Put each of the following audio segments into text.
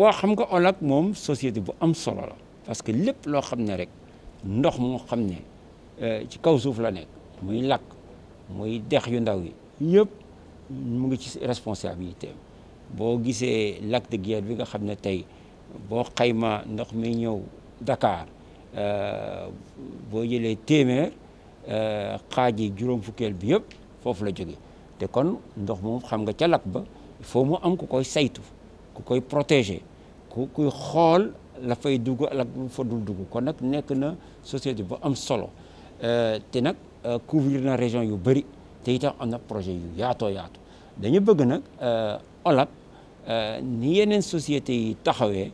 waa xam nga ONAC moom société bu am solo la parce que lépp loo xam ne rek ndox moo xam ne euh, ci kaw suuf la nekk muy lakk muy dex yu ndaw yi yëpp mu ngi ci responsabilité boo gisee lac de Guiers bi nga xam ne tey boo xayma ndox mi ñëw Dakar euh, boo jëlee téeméer euh, xaaj yi juróom fukkeel bi yëpp foofu la jóge te kon ndox moom xam nga ca lac ba il mu am ko koy saytu ku protéger ku kuy la fay dugg la lu kon nag société bu am solo euh, te nag euh, couvrir na région yu bari te itam am na projet yu yato yaatu dañu bëgg euh OLAP euh, ni yeneen société yi taxawee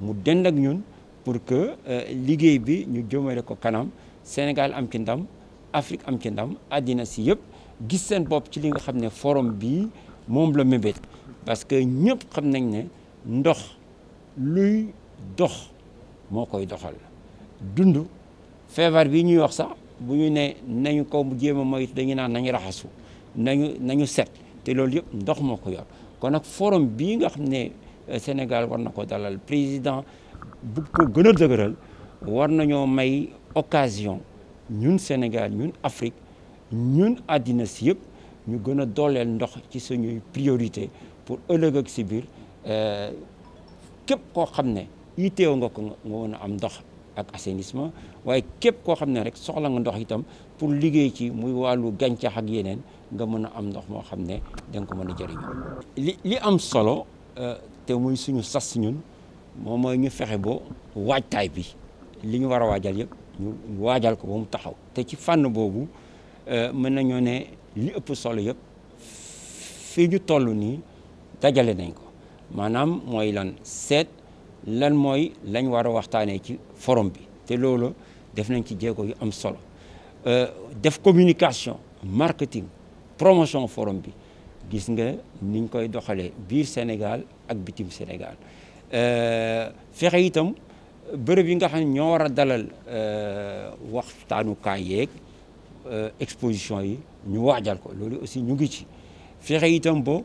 mu dënd ak ñun pour que liguey bi ñu canam, ko kanam Sénégal am ci ndam Afrique am ci ndam adina si yëpp gis sen bop ci li nga xamné forum bi mom la parce que ñëpp xam nañ ne ndox luy dox moo koy doxal dund feebar bi ñuy wax sax bu ñu ne nañu ko jéem a moytu dañu naan nañu raxasu nañu nañu set te loolu yëpp ndox moo ko yor kon nag forum bii nga xam ne euh, Sénégal war na ko dalal président bu ko gën a dëgëral war nañoo may occasion ñun Sénégal ñun Afrique ñun àddina si yëpp ñu gën a dooleel ndox ci suñuy priorité pour ëllëg ak si biir euh, képp koo xam ne yitteew nga ko nga mën a am ndox ak assainissement waaye képp koo xam ne rek soxla nga ndox itam pour liggéey ci muy wàllu gàncax ak yeneen nga mën a am ndox moo xam ne danga ko mën a jëriñoo li am solo euh, te muy suñu sas ñun moom mooy ñu fexe ba waajtaay bi li ñu war a waajal yëpp ñu waajal ko ba mu taxaw te ci fànn boobu euh, mën nañoo ne li ëpp solo yëpp fii ñu toll nii dajale nañ ko maanaam mooy lan seet lan mooy lañ war a waxtaanee ci forom bi te loolu def nañ ci jéego yu am solo euh, def communication marketing promotion forom bi gis nga niñ koy doxalee biir Sénégal ak bitim Sénégal euh, fexe itam bërëb yi nga xam ne ñoo war a dalal euh, waxtaanukaay yeeg exposition yi ñu waajal ko loolu aussi ñu ngi ci fexe itam bo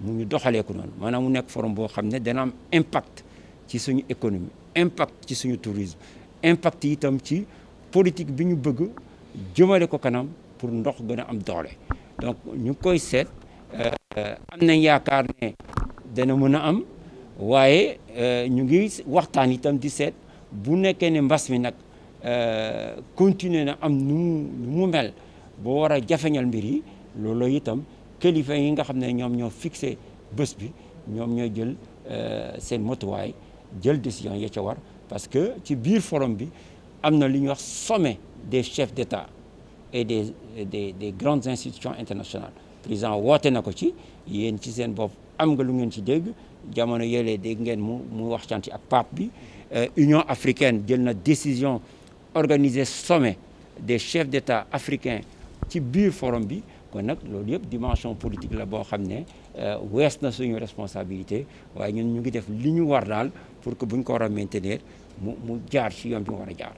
mu ñu doxalee ko noonu maanaam mu nekk forum boo xam ne dana am impact ci suñu économie impact ci suñu tourisme impact yitam ci politique bi ñu bëgg jumale ko kanam pour ndox gën a am doole donc ñu koy seet euh, am nañ yaakaar ne dana mën a am waaye euh, ñu ngi waxtaan itam di seet bu nekkee ne mbas mi nag euh, continuer na am nu mu mel boo war a jafeñal mbir yi looloo itam kilifa yi nga xam ñom ñoo fixé bëss bi ñom ñoy jël euh, seen motuwaay jël décision ya ci war parce que ci biir forum bi amna na wax sommet des chefs d'État et des des des grandes institutions internationales président woté nako ci yeen ci seen bop am nga lu ngeen ci dégg jamono yele dégg ngeen mu mu wax ci ak pap bi euh, Union africaine jël na décision organiser sommet des chefs d'État africains ci biir forum bi kon nak loolu yëpp dimension politique la bo xamné euh wess na suñu responsabilité waye ñun ñu ngi def liñu war dal pour que buñ ko war mu mu jaar ci yoon bi wara war a jaar.